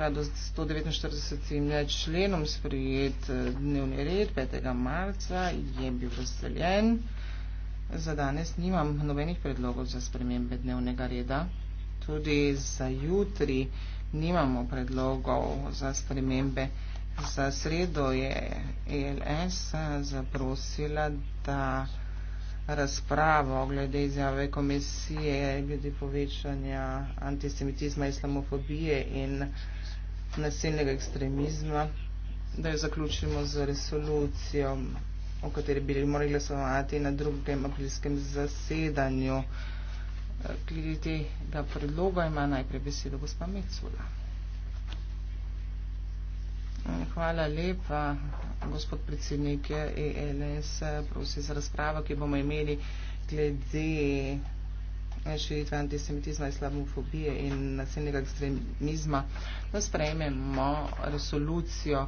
skladu s 149. členom sprejet eh, dnevni red 5. marca je bil razdeljen. Za danes nimam nobenih predlogov za spremembe dnevnega reda. Tudi za jutri nimamo predlogov za spremembe. Za sredo je ELS eh, zaprosila, da razpravo glede izjave komisije, glede povečanja antisemitizma, islamofobije in nasilnega ekstremizma, da jo zaključimo z resolucijo, o kateri bi morali glasovati na drugem aprilskem zasedanju. Glede tega predloga ima najprej besedo gospa Mecula. Hvala lepa, gospod predsednik ELS, e prosim za razpravo, ki bomo imeli glede en širitve antisemitizma, islamofobije in nasilnega ekstremizma, da sprejmemo resolucijo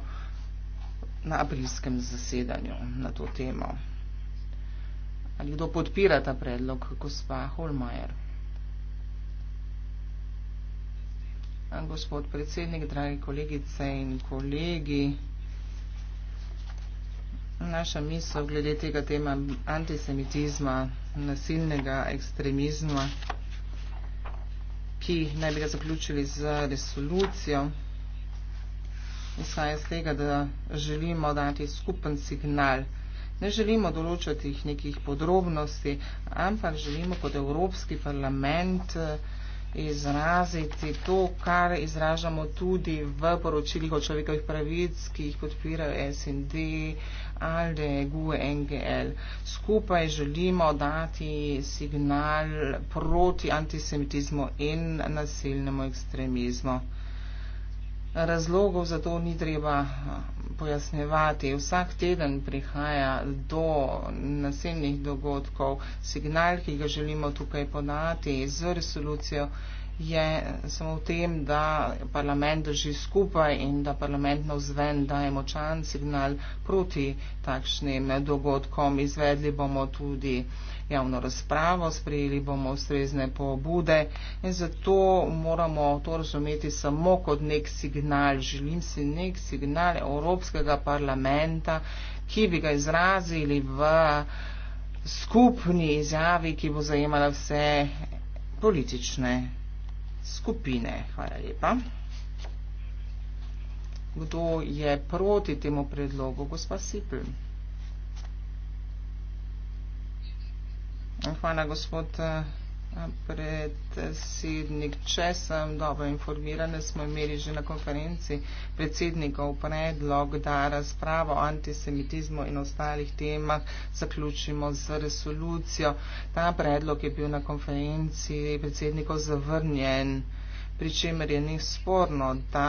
na aprilskem zasedanju na to temo. Ali kdo podpira ta predlog, gospa Holmajer? Gospod predsednik, dragi kolegice in kolegi naša misel glede tega tema antisemitizma, nasilnega ekstremizma, ki naj bi ga zaključili z resolucijo, izhaja iz tega, da želimo dati skupen signal. Ne želimo določati nekih podrobnosti, ampak želimo kot Evropski parlament eh, izraziti to, kar izražamo tudi v poročilih o človekovih pravic, ki jih podpirajo SND, ALDE, GUE, NGL. Skupaj želimo dati signal proti antisemitizmu in nasilnemu ekstremizmu. Razlogov za to ni treba pojasnjevati. Vsak teden prihaja do naslednjih dogodkov signal, ki ga želimo tukaj podati z resolucijo je samo v tem, da parlament drži skupaj in da parlament na vzven daje močan signal proti takšnim dogodkom. Izvedli bomo tudi javno razpravo, sprejeli bomo ustrezne pobude in zato moramo to razumeti samo kot nek signal. Želim si nek signal Evropskega parlamenta, ki bi ga izrazili v skupni izjavi, ki bo zajemala vse politične skupine. Hvala lepa. Kdo je proti temu predlogu? Gospa Sipl. Hvala, gospod pred sednik, če sem dobro informirana, smo imeli že na konferenci predsednikov predlog, da razpravo o antisemitizmu in ostalih temah zaključimo z resolucijo. Ta predlog je bil na konferenci predsednikov zavrnjen, pri čemer je ni sporno, da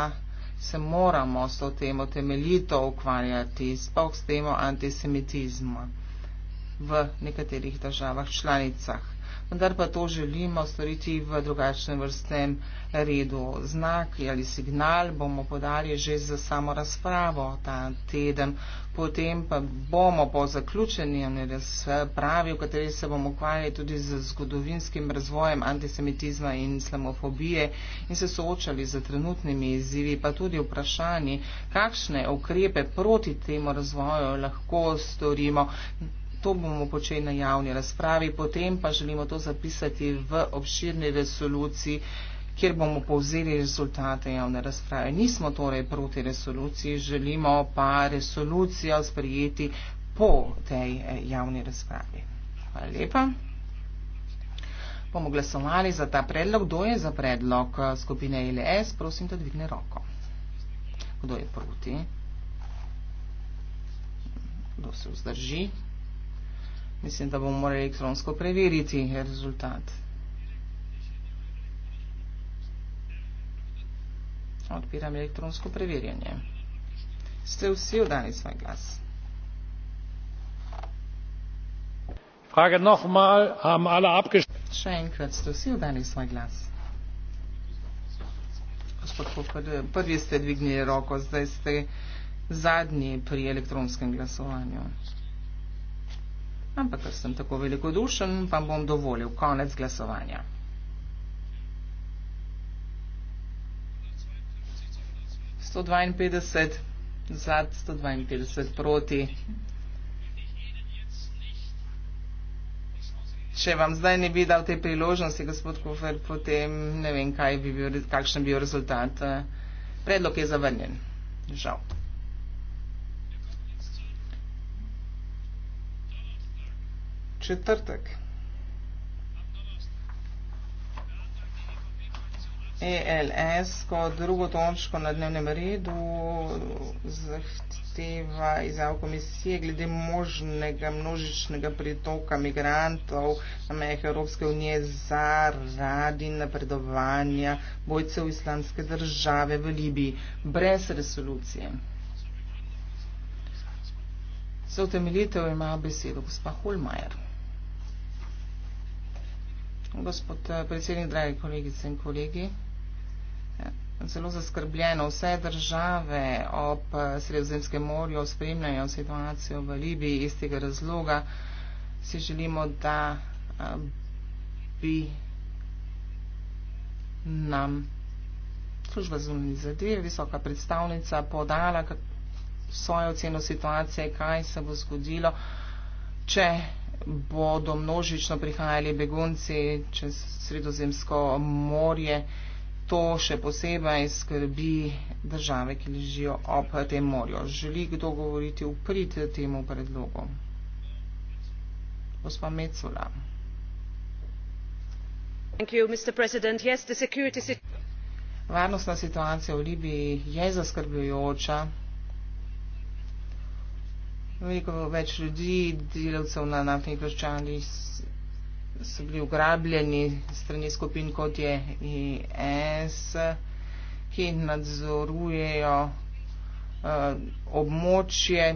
se moramo s to temo temeljito ukvarjati, sploh s temo antisemitizma v nekaterih državah članicah vendar pa to želimo storiti v drugačnem vrstem redu. Znak ali signal bomo podali že za samo razpravo ta teden, potem pa bomo po zaključenju razpravi, v kateri se bomo ukvarjali tudi z zgodovinskim razvojem antisemitizma in islamofobije in se soočali z trenutnimi izzivi, pa tudi vprašanji, kakšne ukrepe proti temu razvoju lahko storimo to bomo počeli na javni razpravi, potem pa želimo to zapisati v obširni resoluciji, kjer bomo povzeli rezultate javne razprave. Nismo torej proti resoluciji, želimo pa resolucijo sprejeti po tej eh, javni razpravi. Hvala lepa. Bomo glasovali za ta predlog. Kdo je za predlog eh, skupine ILS? Prosim, da dvigne roko. Kdo je proti? Kdo se vzdrži? Mislim, da bomo morali elektronsko preveriti rezultat. Odpiram elektronsko preverjanje. Ste vsi oddali svoj glas? Frage nochmal, haben alle abgestimmt? Še enkrat, ste vsi oddali svoj glas? Gospod Kukar, prvi ste dvignili roko, zdaj ste zadnji pri elektronskem glasovanju. Ampak, ker sem tako velikodušen, vam bom dovolil konec glasovanja. Sto dvainpetdeset za, sto dvainpetdeset proti. Če vam zdaj ne bi dal te priložnosti, gospod Kofer, potem ne vem, bi bil, kakšen bi bil rezultat. Predlog je zavrnjen. Žal. četrtek. ELS kot drugo točko na dnevnem redu zahteva izjav komisije glede možnega množičnega pritoka migrantov na mejah Evropske unije zaradi napredovanja bojcev islamske države v Libiji brez resolucije. Za utemeljitev ima besedo gospa Holmajer gospod eh, predsednik, dragi kolegice in kolegi. Eh, zelo zaskrbljeno vse države ob eh, Sredozemskem morju spremljajo situacijo v Libiji iz tega razloga. Si želimo, da bi nam služba zunanjih zadev, visoka predstavnica, podala svojo oceno situacije, kaj se bo zgodilo, če bodo množično prihajali begunci čez sredozemsko morje. To še posebej skrbi države, ki ležijo ob tem morju. Želi kdo govoriti uprit temu predlogu? Gospa Mecula. Varnostna situacija v Libiji je zaskrbljujoča veliko več ljudi, delavcev na naftnih vrščanjih so bili ugrabljeni strani skupin, kot je IS, ki nadzorujejo uh, območje,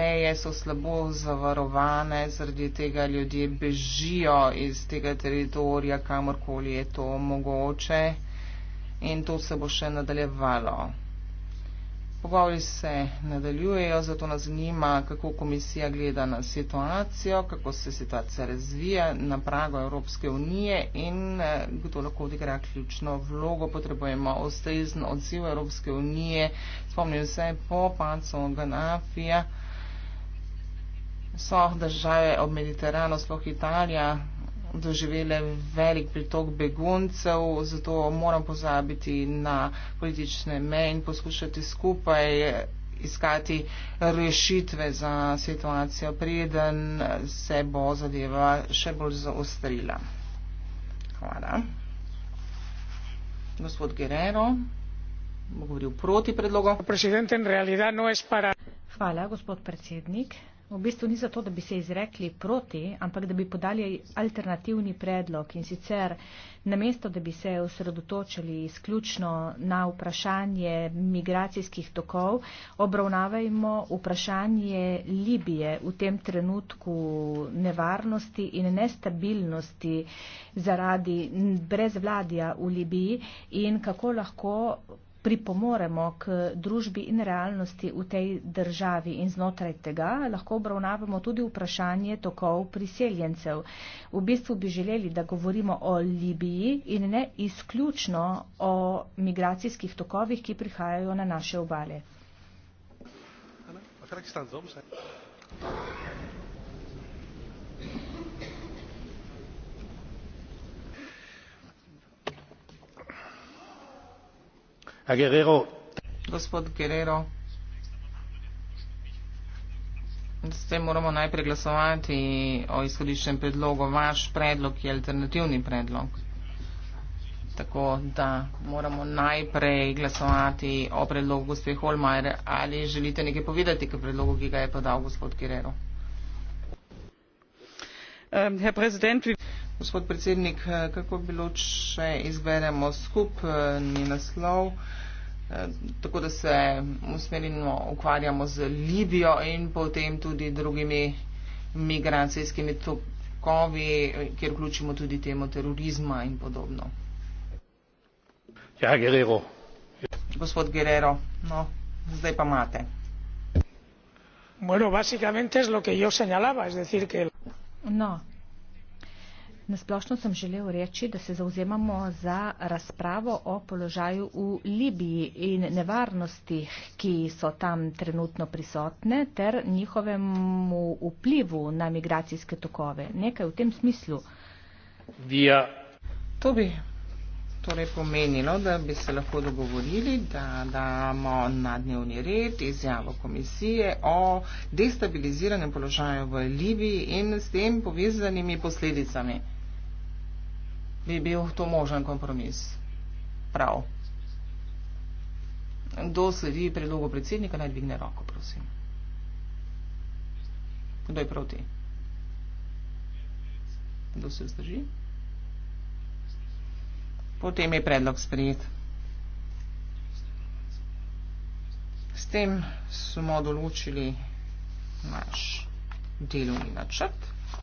meje so slabo zavarovane, zaradi tega ljudje bežijo iz tega teritorija, kamorkoli je to mogoče in to se bo še nadaljevalo. Pogovori se nadaljujejo, zato nas zanima, kako komisija gleda na situacijo, kako se situacija razvija na pragu Evropske unije in eh, kdo lahko odigra ključno vlogo. Potrebujemo ustrezen odziv Evropske unije. Spomnim se, po pancu Ganafija so države ob Mediteranu, sploh Italija, doživele velik pritok beguncev, zato moram pozabiti na politične meje in poskušati skupaj iskati rešitve za situacijo, preden se bo zadeva še bolj zaostrila. Hvala. Gospod Guerrero bo govoril proti predlogu. No Hvala, gospod predsednik. V bistvu ni zato, da bi se izrekli proti, ampak da bi podali alternativni predlog in sicer namesto, da bi se osredotočili izključno na vprašanje migracijskih tokov, obravnavajmo vprašanje Libije v tem trenutku nevarnosti in nestabilnosti zaradi brezvladja v Libiji in kako lahko pripomoremo k družbi in realnosti v tej državi in znotraj tega lahko obravnavamo tudi vprašanje tokov priseljencev. V bistvu bi želeli, da govorimo o Libiji in ne izključno o migracijskih tokovih, ki prihajajo na naše obale. Hvala. Guerrero. Gospod Guerrero, s tem moramo najprej glasovati o izhodiščem predlogu. Vaš predlog je alternativni predlog. Tako da moramo najprej glasovati o predlogu gospe Holmajer. Ali želite nekaj povedati k predlogu, ki ga je podal gospod Guerrero? Um, Gospod predsednik, eh, kako bi bilo, če izberemo skupni eh, naslov, eh, tako da se usmerimo, ukvarjamo z Libijo in potem tudi drugimi migracijskimi tokovi, kjer vključimo tudi temo terorizma in podobno. Ja, Gerero. Gospod Gerero, no, zdaj pa imate. Bueno, básicamente es lo que yo señalaba, es decir, que. No, Nasplošno sem želel reči, da se zauzemamo za razpravo o položaju v Libiji in nevarnosti, ki so tam trenutno prisotne, ter njihovemu vplivu na migracijske tokove. Nekaj v tem smislu. Via. To bi torej pomenilo, da bi se lahko dogovorili, da damo na dnevni red izjavo komisije o destabiliziranem položaju v Libiji in s tem povezanimi posledicami bi bil to možen kompromis. Prav. Kdo sledi predlogu predsednika, naj dvigne roko, prosim. Kdo je proti? Kdo se zdrži? Potem je predlog sprejet. S tem smo določili naš delovni načrt.